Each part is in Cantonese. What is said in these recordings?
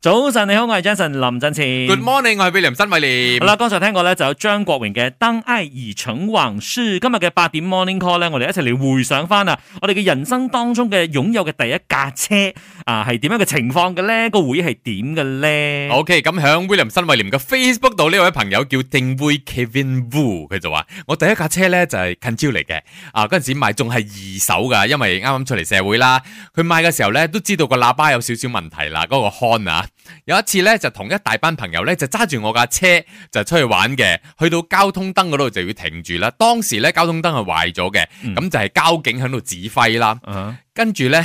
早晨，你好，我係 Jason 林振前。Good morning，我係 William 新偉廉。好啦，剛才聽過咧就有張國榮嘅《當愛已成往事》。今日嘅八點 Morning Call 咧，我哋一齊嚟回想返啊，我哋嘅人生當中嘅擁有嘅第一架車啊，係點樣嘅情況嘅咧？個回憶係點嘅咧？OK，咁喺 William 新偉廉嘅 Facebook 度，呢位朋友叫定位 Kevin Wu，佢就話我第一架車咧就係、是、近朝嚟嘅啊，嗰陣時買仲係二手噶，因為啱啱出嚟社會啦，佢買嘅時候咧都知道個喇叭有少少問題啦，嗰、個 horn 啊。有一次咧，就同一大班朋友咧，就揸住我架車就出去玩嘅，去到交通燈嗰度就要停住啦。當時咧，交通燈係壞咗嘅，咁、嗯、就係交警喺度指揮啦。Uh huh. 跟住咧，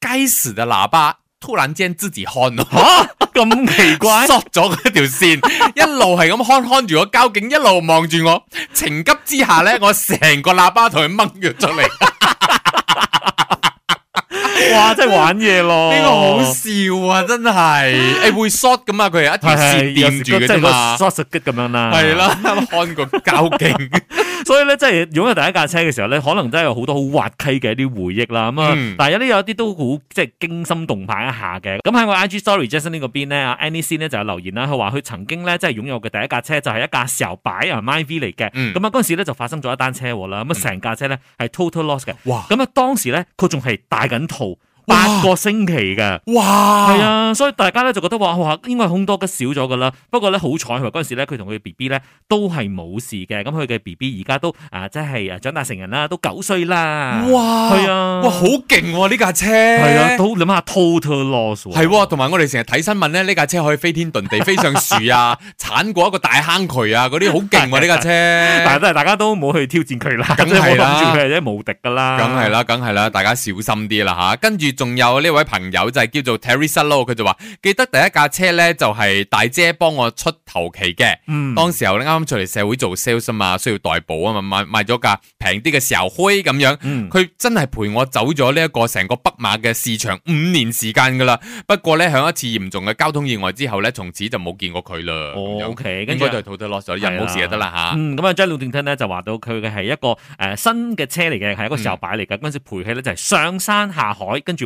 該死嘅喇叭突然間自己看，咁奇怪，縮咗一條線， 一路係咁看，看住個交警，一路望住我，情急之下咧，我成個喇叭同佢掹咗出嚟。 哇！真係玩嘢咯，呢個好笑啊！真係，誒會 shot 咁 sh 啊，佢係一條線掂住嘅，即係個 shot good 咁樣啦，係啦，看個交警。所以咧，即係擁有第一架車嘅時候咧，可能真係有好多好滑稽嘅一啲回憶啦。咁啊、嗯，但係有啲有啲都好即係驚心動魄一下嘅。咁喺我 IG Story Jason 呢個邊咧，啊 Annie C 咧就有留言啦，佢話佢曾經咧即係擁有嘅第一架車就係一架小擺啊 My V 嚟嘅。咁啊嗰陣時咧就發生咗一單車禍啦。咁啊成架車咧係 total loss 嘅。咁啊、嗯、哇當時咧佢仲係戴緊套。八個星期嘅，哇，係啊，所以大家咧就覺得話，哇，應該係凶多吉少咗噶啦。不過咧，好彩，佢嗰陣時咧佢同佢 B B 咧都係冇事嘅。咁佢嘅 B B 而家都啊，即係啊長大成人啦，都九歲啦，哇，係啊，哇，好勁喎呢架車，係啊，都諗下 total loss，係喎。同埋、啊、我哋成日睇新聞咧，呢架車可以飛天遁地，飛上樹啊，鏟 過一個大坑渠啊，嗰啲好勁喎呢架車。但係都係大家都冇去挑戰佢啦，梗係冇諗住佢係一無敵噶啦，梗係啦，梗係啦，啦，大家小心啲啦吓，跟住。仲有呢位朋友就係叫做 Terry Salo，佢就話記得第一架車咧就係、是、大姐幫我出頭期嘅，嗯、當時候咧啱啱出嚟社會做 sales 啊嘛，需要代步啊嘛，買買咗架平啲嘅時候開咁樣，佢、嗯、真係陪我走咗呢一個成個北馬嘅市場五年時間噶啦，不過咧響一次嚴重嘅交通意外之後咧，從此就冇見過佢啦。哦，OK，應該就係 total loss 咗，人，冇事就得啦吓。咁啊張老先生咧就話到佢嘅係一個誒新嘅車嚟嘅，係、呃、一個時候擺嚟嘅，嗰陣時陪佢咧就係上山下海，跟住。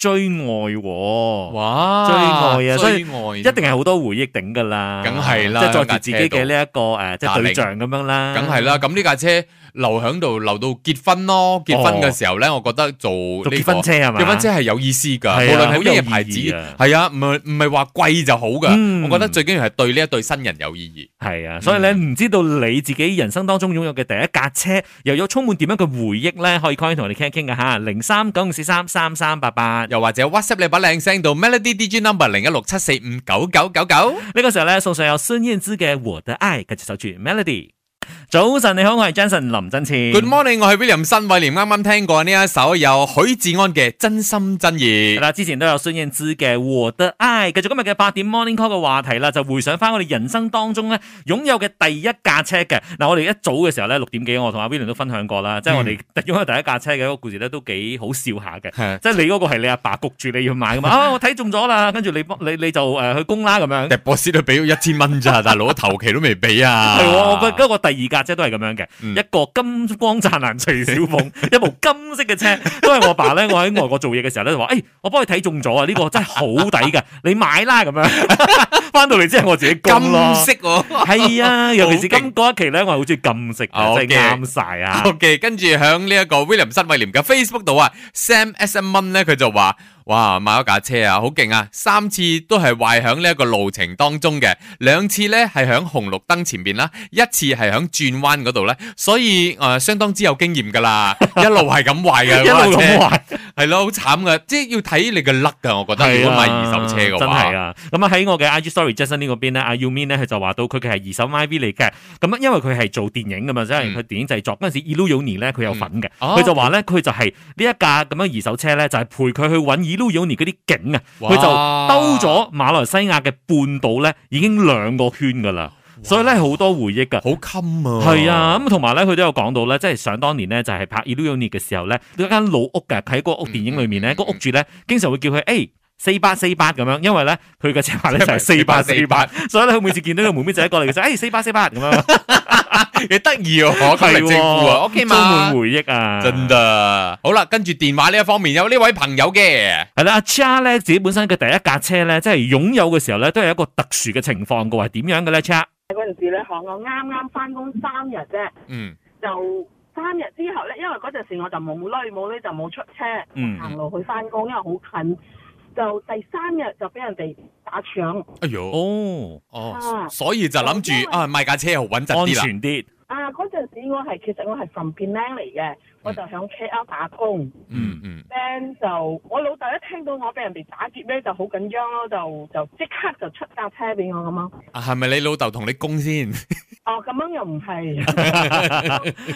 追愛喎，哇！追愛啊，所以一定係好多回憶頂㗎啦，梗係啦，即係載住自己嘅呢一個誒，即係對象咁樣啦，梗係啦。咁呢架車留喺度，留到結婚咯。結婚嘅時候咧，我覺得做結婚車係嘛，結婚車係有意思㗎，無論係咩牌子，係啊，唔係唔係話貴就好㗎。我覺得最緊要係對呢一對新人有意義。係啊，所以咧唔知道你自己人生當中擁有嘅第一架車，又有充滿點樣嘅回憶咧，可以講一講同我哋傾一傾㗎嚇。零三九五四三三三八八。又或者 WhatsApp 你把靚聲到 Melody DJ Number 零一六七四五九九九九，呢個時候咧，送上有孫燕姿嘅《我的愛》跟手，繼續守住 Melody。早晨，你好，我係 Jason 林振超。Good morning，我係 William 新偉廉。啱啱聽過呢一首有許志安嘅真心真意。係啦，之前都有孫燕姿嘅《What I》。繼續今日嘅八點 Morning Call 嘅話題啦，就回想翻我哋人生當中咧，擁有嘅第一架車嘅。嗱、啊，我哋一早嘅時候咧六點幾，我同阿 William 都分享過啦，嗯、即係我哋擁有第一架車嘅一個故事咧都幾好笑下嘅。嗯、即係你嗰個係你阿爸焗住你要買噶嘛、 啊？我睇中咗、呃、啦，跟住你你你就誒去供啦咁樣。但博士都俾咗一千蚊咋，但係攞頭期都未俾啊。係 不過第二架。車都係咁樣嘅，一個金光燦爛徐小鳳，一部金色嘅車都係我爸咧。我喺外國做嘢嘅時候咧，就話：誒，我幫你睇中咗啊，呢個真係好抵㗎，你買啦咁樣。翻到嚟之後我自己金咯，係啊，尤其是今嗰一期咧，我好中意金色，真係啱曬啊。OK，跟住響呢一個 William 新威廉嘅 Facebook 度啊，Sam SM 蚊咧佢就話。哇，買咗架車啊，好勁啊！三次都係壞響呢一個路程當中嘅，兩次呢係響紅綠燈前邊啦，一次係響轉彎嗰度呢，所以誒、呃、相當之有經驗噶啦， 一路係咁壞嘅， 一路咁壞。 係咯，好慘噶，即係要睇你個甩 u 噶。我覺得、啊、如果買二手車嘅真係啊。咁啊喺我嘅 IG story Justin Lee 嗰邊咧，啊 Umin 咧佢就話到佢嘅係二手 I V 嚟嘅，咁因為佢係做電影噶嘛，即係佢電影製作嗰陣、嗯、時 l u o n y 咧，佢有份嘅，佢、嗯哦、就話咧佢就係呢一架咁樣二手車咧就係陪佢去搵 Iluony 嗰啲景啊，佢就兜咗馬來西亞嘅半島咧已經兩個圈噶啦。所以咧好多回憶噶，好襟啊！係啊，咁同埋咧，佢都有講到咧，即係想當年咧就係拍《Eloony》嘅時候咧，有一間老屋嘅，喺嗰屋電影裏面咧，個屋主咧，經常會叫佢誒四八四八咁樣，因為咧佢嘅車牌咧就係四八四八，所以咧佢每次見到個妹妹仔過嚟嘅時候，誒四八四八咁樣，你得意哦，係哦，OK 嘛，充滿回憶啊，真噶，好啦，跟住電話呢一方面有呢位朋友嘅，係啦，Charles 咧自己本身嘅第一架車咧，即係擁有嘅時候咧，都係一個特殊嘅情況噶，係點樣嘅咧？嗰陣時咧，我我啱啱翻工三日啫，就三日之後咧，因為嗰陣時我就冇孭冇孭就冇出車，行、嗯、路去翻工因為好近，就第三日就俾人哋打搶。哎喲呦、哦，哦哦，啊、所以就諗住為啊買架車好穩陣啲啦，安全啲。啊嗰陣時我係其實我係從 Penang 嚟嘅。我就響 K L 打工，嗯嗯，咧、嗯、就我老豆一聽到我俾人哋打劫咧就好緊張咯，就就即刻就出架車俾我咁咯。係咪你老豆同你供先？哦，咁樣又唔係，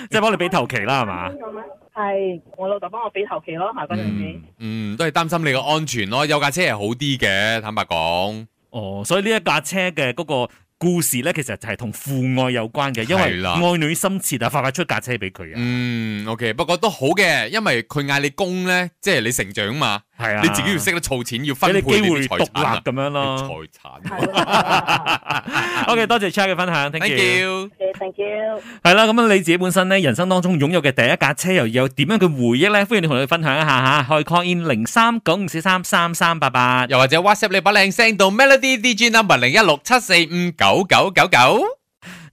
即係幫你俾頭期啦，係嘛、嗯？係，我老豆幫我俾頭旗、嗯、期咯，下嗰陣時。嗯，都係擔心你個安全咯，有架車係好啲嘅，坦白講。哦，所以呢一架車嘅嗰、那個。故事咧，其實就係同父愛有關嘅，因為愛女心切啊，的發發出架車俾佢啊。嗯，OK，不過都好嘅，因為佢嗌你供咧，即係你成長嘛。係啊，你自己要識得儲錢，要分啲配啲財產咁樣咯。財產。O K，多謝 Charles 嘅分享，Thank you，OK，thank you。係啦，咁你自己本身咧，人生當中擁有嘅第一架車，又有點樣嘅回憶咧？歡迎你同我哋分享一下吓，可以 call in 零三九五四三三三八八，又或者 WhatsApp 你把靚聲到 Melody DJ number 零一六七四五九九九九。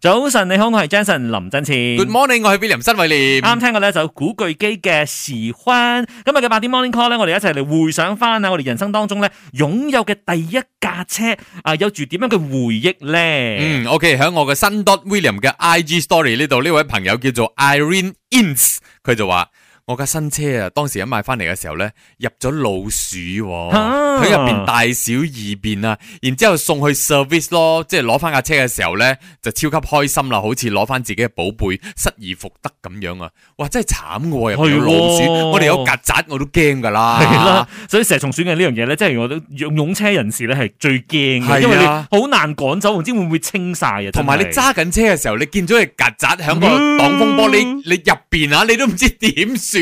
早晨，你好，我係 Jason 林振前。Good morning，我係 William 新偉廉。啱聽過呢就古巨基嘅時分。今日嘅八點 morning call 咧，我哋一齊嚟回想翻啊，我哋人生當中咧擁有嘅第一架車啊、呃，有住點樣嘅回憶咧？嗯，OK，響我嘅新 dot William 嘅 IG story 呢度，呢位朋友叫做 Irene Ince，佢就話。我架新車啊，當時一買翻嚟嘅時候咧，入咗老鼠喎，喺入邊大小二便啊，然之後送去 service 咯，即係攞翻架車嘅時候咧，就超級開心啦，好似攞翻自己嘅寶貝失而復得咁樣啊！哇，真係慘嘅，入咗老鼠，我哋有曱甴我都驚噶啦，所以蛇蟲鼠嘅呢樣嘢咧，即係我都用車人士咧係最驚，因為你好難趕走，唔知會唔會清晒啊？同埋你揸緊車嘅時候，你見咗隻曱甴響個擋風玻璃你入邊啊，你都唔知點算。仲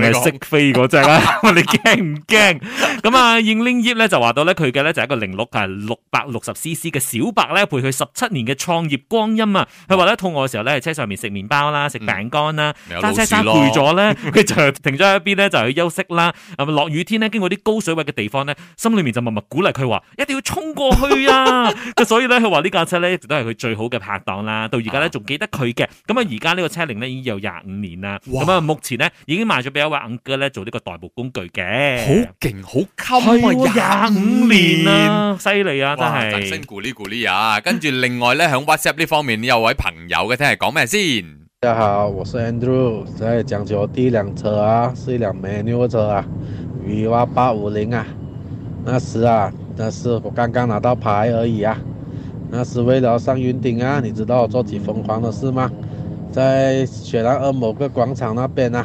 係識飛嗰隻啦，你驚唔驚？咁啊，英靈葉咧就話到咧，佢嘅咧就一個零六係六百六十 CC 嘅小白咧陪佢十七年嘅創業光陰啊！佢話咧肚餓嘅時候咧喺車上面食麵包啦，食餅乾啦，揸、嗯、車揸攰咗咧，佢就、嗯、停咗喺一邊咧就去休息啦。咁、嗯、啊，落雨天咧經過啲高水位嘅地方咧，心裏面就默默鼓勵佢話一定要衝過去啊！咁、嗯、 所以咧佢話呢架車咧一直都係佢最好嘅拍檔啦，到而家咧仲記得佢嘅。咁啊，而家呢個車齡咧已經有廿五年啦，咁啊目前咧。已經賣咗俾一位 u 哥呢做呢個代步工具嘅，好勁，好襟啊！廿、哎啊、五年啦，犀利啊！啊、真係。先咕哩咕哩啊！ 跟住另外咧喺 WhatsApp 呢 Wh 方面，有位朋友嘅，聽係講咩先？大家好，我是 Andrew。真係講咗呢輛車啊，是一輛美牛車啊，V850 啊。那是啊，那是我剛剛拿到牌而已啊。那是為了上雲頂啊，你知道我做幾瘋狂的事嗎？在雪蘭莪某個廣場嗰邊啊。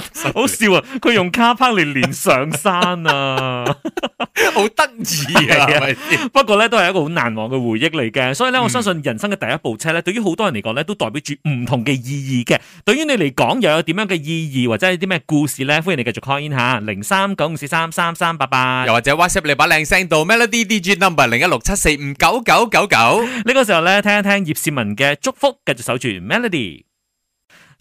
好笑啊！佢用卡包嚟連上山啊，好得意啊！不過咧都係一個好難忘嘅回憶嚟嘅，所以咧、嗯、我相信人生嘅第一部車咧，對於好多人嚟講咧都代表住唔同嘅意義嘅。對於你嚟講又有點樣嘅意義或者係啲咩故事咧？歡迎你繼續 call in 吓零三九五四三三三八八，又或者 WhatsApp 你把靚聲到 Melody DJ number 零一六七四五九九九九。呢個時候咧聽一聽葉倩文嘅祝福，繼續守住 Melody。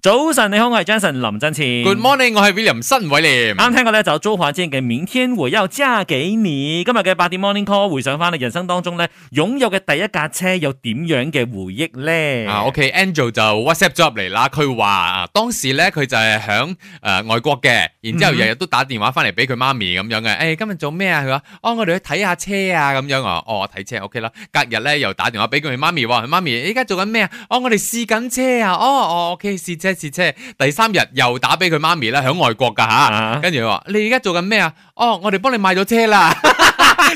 早晨，你好，我係 Jensen 林振前。Good morning，我係 William 新偉廉。啱聽過咧就周華健嘅《明天我要嫁給你》。今日嘅八點 Morning Call 回想翻你人生當中咧擁有嘅第一架車有點樣嘅回憶咧？啊、ah，OK，Angel 就 WhatsApp 咗入嚟啦。佢話啊，當時咧佢就係響誒外國嘅，然之後日日都打電話翻嚟俾佢媽咪咁樣嘅。誒、欸，今日做咩啊？佢話哦，我哋去睇下車啊，咁樣啊。哦，睇車 OK 啦。隔日咧又打電話俾佢媽咪，佢媽咪依家做緊咩啊？哦，我哋試緊車啊。哦，OK，試、哦哦哦、車。一次車，第三日又打俾佢媽咪啦，響外國噶吓，跟住佢話：你而家做緊咩啊？哦，我哋幫你買咗車啦。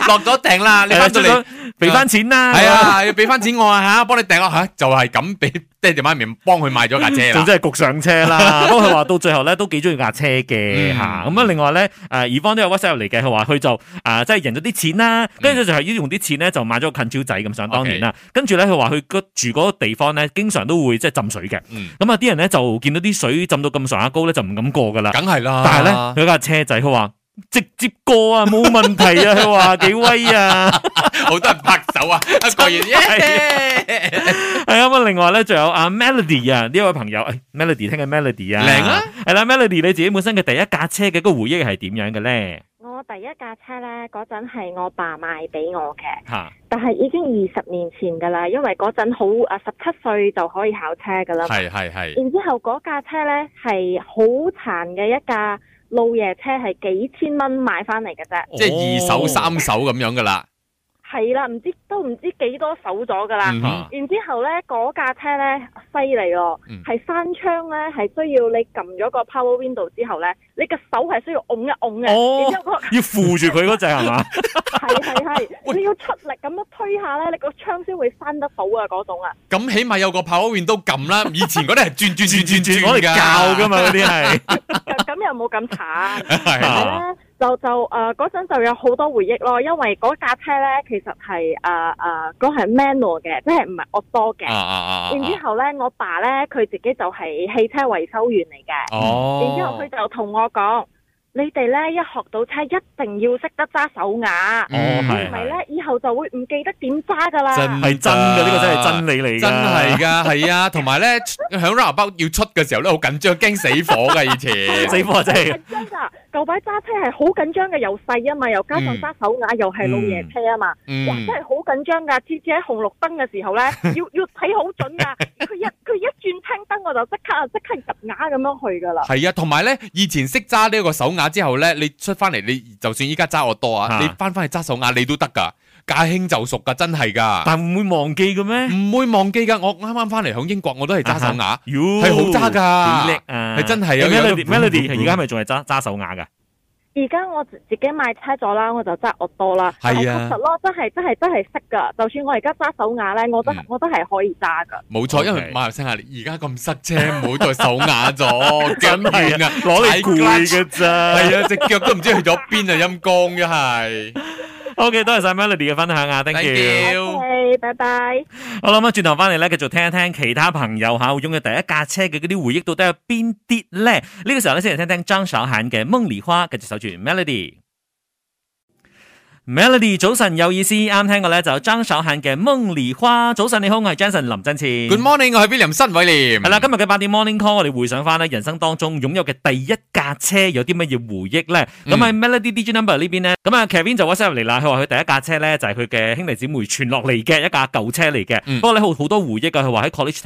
落咗訂啦，你翻到嚟俾翻錢啦，係啊，要俾翻錢我啊吓，幫你訂啊吓，就係咁俾爹哋媽咪幫佢買咗架車啦，總之係焗上車啦。都佢話到最後咧，都幾中意架車嘅吓。咁啊，另外咧，誒，乙方都有 WhatsApp 嚟嘅，佢話佢就誒，即係贏咗啲錢啦，跟住就係要用啲錢咧就買咗個近郊仔咁想當然啦。跟住咧，佢話佢住嗰個地方咧，經常都會即係浸水嘅。咁啊，啲人咧就見到啲水浸到咁上下高咧，就唔敢過噶啦。梗係啦，但係咧，佢架車仔，佢話。直接過啊，冇問題啊！佢話幾威啊，好多人拍手啊，一個月耶！係啊，咁另外咧，仲有阿 Melody 啊呢位朋友，誒，Melody 聽緊 Melody 啊，明啊，係啦，Melody 你自己本身嘅第一架車嘅個回憶係點樣嘅咧？我第一架車咧嗰陣係我爸賣俾我嘅，但係已經二十年前噶啦，因為嗰陣好誒十七歲就可以考車噶啦，係係係，然之後嗰架車咧係好殘嘅一架。老爺車係幾千蚊買翻嚟嘅啫，即係二手三手咁樣噶啦。係啦，唔 知都唔知幾多手咗噶啦。嗯啊、然之後咧，嗰架車咧犀利哦，係閂、嗯、窗咧係需要你撳咗個 power window 之後咧，你個手係需要拱一拱嘅。哦，然後那個、要扶住佢嗰隻係嘛？係係係， 你要出力咁樣推下咧，你個窗先會閂得到啊！嗰種啊，咁 起碼有個 power window 撳啦。以前嗰啲係轉轉轉轉轉可以教噶嘛？嗰啲係。 又冇咁慘，係啦 ，就就誒，嗰、呃、陣就有好多回憶咯，因為嗰架車咧，其實係誒誒，嗰係 manual 嘅，即係唔係惡多嘅。啊啊啊！ 然之後咧，我爸咧，佢自己就係汽車維修員嚟嘅。哦， 然之後佢就同我講。你哋咧一學到車，一定要識得揸手眼，唔係咧，以後就會唔記得點揸噶啦。唔係真嘅，呢、呢個真係真理嚟嘅。真係噶，係啊，同埋咧，喺拉包要出嘅時候咧，好緊張，驚死火嘅以前， 死火真係。舊擺揸車係好緊張嘅，又細啊嘛，又加上揸手雅，又係老爺車啊嘛，嗯、哇真係好緊張噶！次次喺紅綠燈嘅時候咧，要要睇好準噶，佢一佢一轉青燈我就即刻啊即刻入雅咁樣去噶啦。係啊，同埋咧，以前識揸呢個手雅之後咧，你出翻嚟你就算依家揸我多啊，你翻翻去揸手雅你都得噶。駕輕就熟噶，真係噶，但唔會忘記嘅咩？唔會忘記噶，我啱啱翻嚟響英國，我都係揸手雅，係好揸噶，係真係啊！Melody，Melody，而家係咪仲係揸揸手雅噶？而家我自己買車咗啦，我就揸我多啦，係啊，實咯，真係真係真係識噶。就算我而家揸手雅咧，我都我都係可以揸噶。冇錯，因為馬來西亞，而家咁塞車，唔好再手雅咗，真係啊，攞嚟攰嘅咋？係啊，隻腳都唔知去咗邊啊，陰公嘅係。好嘅，okay, 多謝晒 Melody 嘅分享啊，thank you，拜拜，okay。好啦，咁轉頭翻嚟咧，繼續聽一聽其他朋友吓，會擁有第一架車嘅嗰啲回憶到底有邊啲咧？呢、這個時候咧，先嚟聽聽張韶涵嘅《夢裡花》，繼續守住 Melody。Melody 早晨有意思早晨, Good morning 我係 William 新偉廉 Morning Call 我哋回想返人生當中擁有嘅第一架車有啲乜嘢回憶呢 Melody DJ Number 呢邊 Kevin 就 WhatsApp 嚟喇佢話佢第一架車就係佢嘅兄弟姊妹傳落嚟嘅一架舊車不過有好多回憶佢話喺 college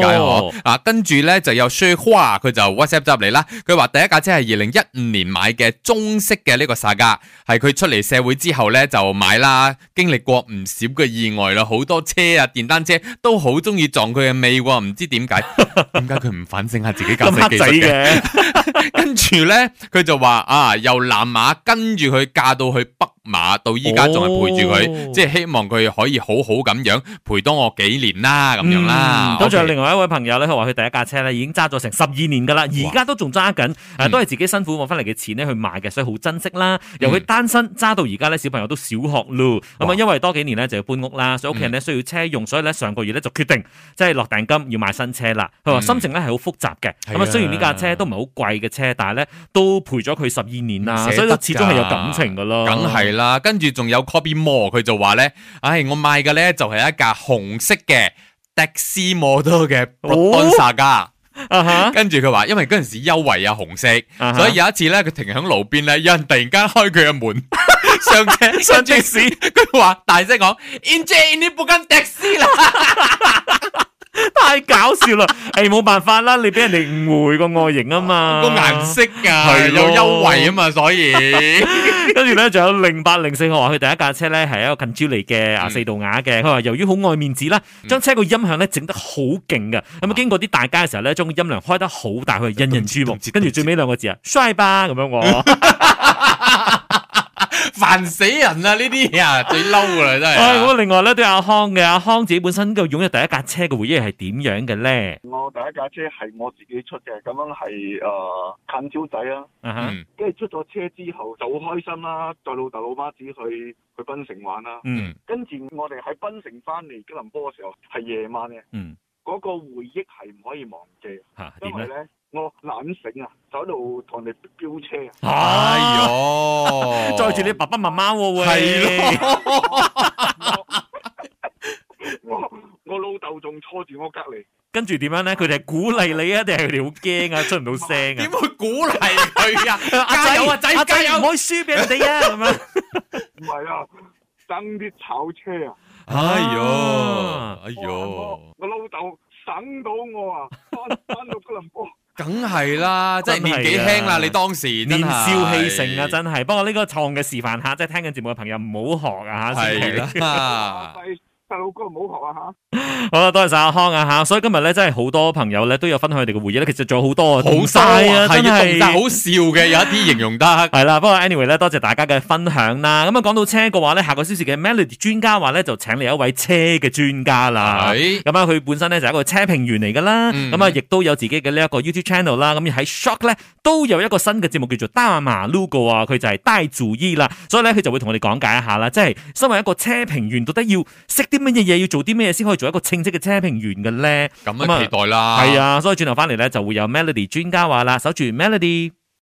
點解？嗬跟住咧，就有 Super，佢就 WhatsApp 執嚟啦。佢話第一架車係二零一五年買嘅中式嘅呢個沙格，係佢出嚟社會之後咧，就買啦。經歷過唔少嘅意外啦，好多車啊、電單車都好中意撞佢嘅尾喎，唔知點解。點解佢唔反省下自己駕駛技術嘅？ 跟住咧，佢就話啊，由南馬跟住佢駕到去北。馬到依家仲係陪住佢，oh, 即係希望佢可以好好咁樣陪多我幾年啦，咁樣啦。咁啊、嗯，仲 Okay, 有另外一位朋友咧，佢話佢第一架車咧已經揸咗成十二年噶啦，而家哇、嗯、都仲揸緊，誒，都係自己辛苦攞翻嚟嘅錢咧去買嘅，所以好珍惜啦。由佢單身揸到而家咧，小朋友都小學咯，咁啊哇，因為多幾年咧就要搬屋啦，所以屋企人咧需要車用，所以咧上個月咧就決定即係落訂金要買新車啦。佢話心情咧係好複雜嘅，咁啊、嗯，雖然呢架車都唔係好貴嘅車，但係咧都陪咗佢十二年啦，所以始終係有感情噶咯，梗係。啦，跟住仲有 Copy More 佢就話咧，唉、哎，我買嘅咧就係一架紅色嘅迪斯摩多嘅 Proton Saga 噶，哦 uh huh。跟住佢話，因為嗰陣時優惠有紅色，uh huh。所以有一次咧，佢停響路邊咧，有人突然間開佢嘅門 上車，上車時佢話大聲講，Ini bukan teksi 啦。 太搞笑啦！誒、 欸，冇辦法啦，你俾人哋誤會個外形啊嘛，啊那個顏色啊，係咯有優惠啊嘛，所以 跟住咧，仲有零八零四號話佢第一架車咧，係一個近朱嚟嘅牙四度瓦嘅，佢話由於好愛面子啦，將車個音響咧整得好勁嘅，咁、啊、經過啲大街嘅時候咧，將個音量開得好大，佢係引人注目，跟住最尾兩個字啊，衰吧咁樣我。 煩死人啦、啊！呢啲嘢啊，最嬲啦，真係、 啊啊。另外咧都阿康嘅，阿康自己本身嘅擁有第一架車嘅回憶係點樣嘅咧？我第一架車係我自己出嘅，咁樣係誒近朝仔啦、啊，嗯哼，跟住出咗車之後就好開心啦、啊，再老豆老媽子去去檳城玩啦、啊，嗯，跟住我哋喺檳城翻嚟吉隆坡嘅時候係夜晚嘅，嗯，嗰個回憶係唔可以忘記，因為咧？ 我懶醒啊，就喺度同人哋飆車啊！哎呦，載住你爸爸媽媽喎喂！係咯，我我老豆仲坐住我隔離。跟住點樣咧？佢哋係鼓勵你啊，定係佢哋好驚啊，出唔到聲啊？點會鼓勵佢啊？阿仔，阿仔加油，唔可以輸俾人哋啊！唔係啊，爭啲炒車啊！哎呦，哎呦，我老豆省到我啊，翻翻到吉隆坡。梗係啦，即係年紀輕啦，你當時年少氣盛啊，真係。的不過呢個創嘅示範嚇，即係聽緊節目嘅朋友唔好學啊嚇，細路哥唔好學啊吓！好啦，多謝晒阿康啊吓，所以今日咧真係好多朋友咧都有分享佢哋嘅回憶咧，其實仲有好多啊，好嘥啊，真係 好笑嘅，有一啲形容得係啦。 不過 anyway 咧，多謝大家嘅分享啦。咁啊，講到車嘅話咧，下個小時嘅 Melody 專家話咧就請嚟一位車嘅專家啦。咁啊是，佢本身咧就係、是、一個車評員嚟噶啦，咁啊亦都有自己嘅呢一個 YouTube channel 啦。咁而喺 Shock 咧都有一個新嘅節目叫做 Dama Logo 啊，佢就係帶注意啦。所以咧佢就會同我哋講解一下啦，即係身為一個車評員，到底要識。啲乜嘢嘢要做？啲咩嘢先可以做一個稱職嘅車評員嘅咧？咁啊期待啦！係、嗯、啊，所以轉頭翻嚟咧，就會有 Melody 專家話啦，守住 Melody。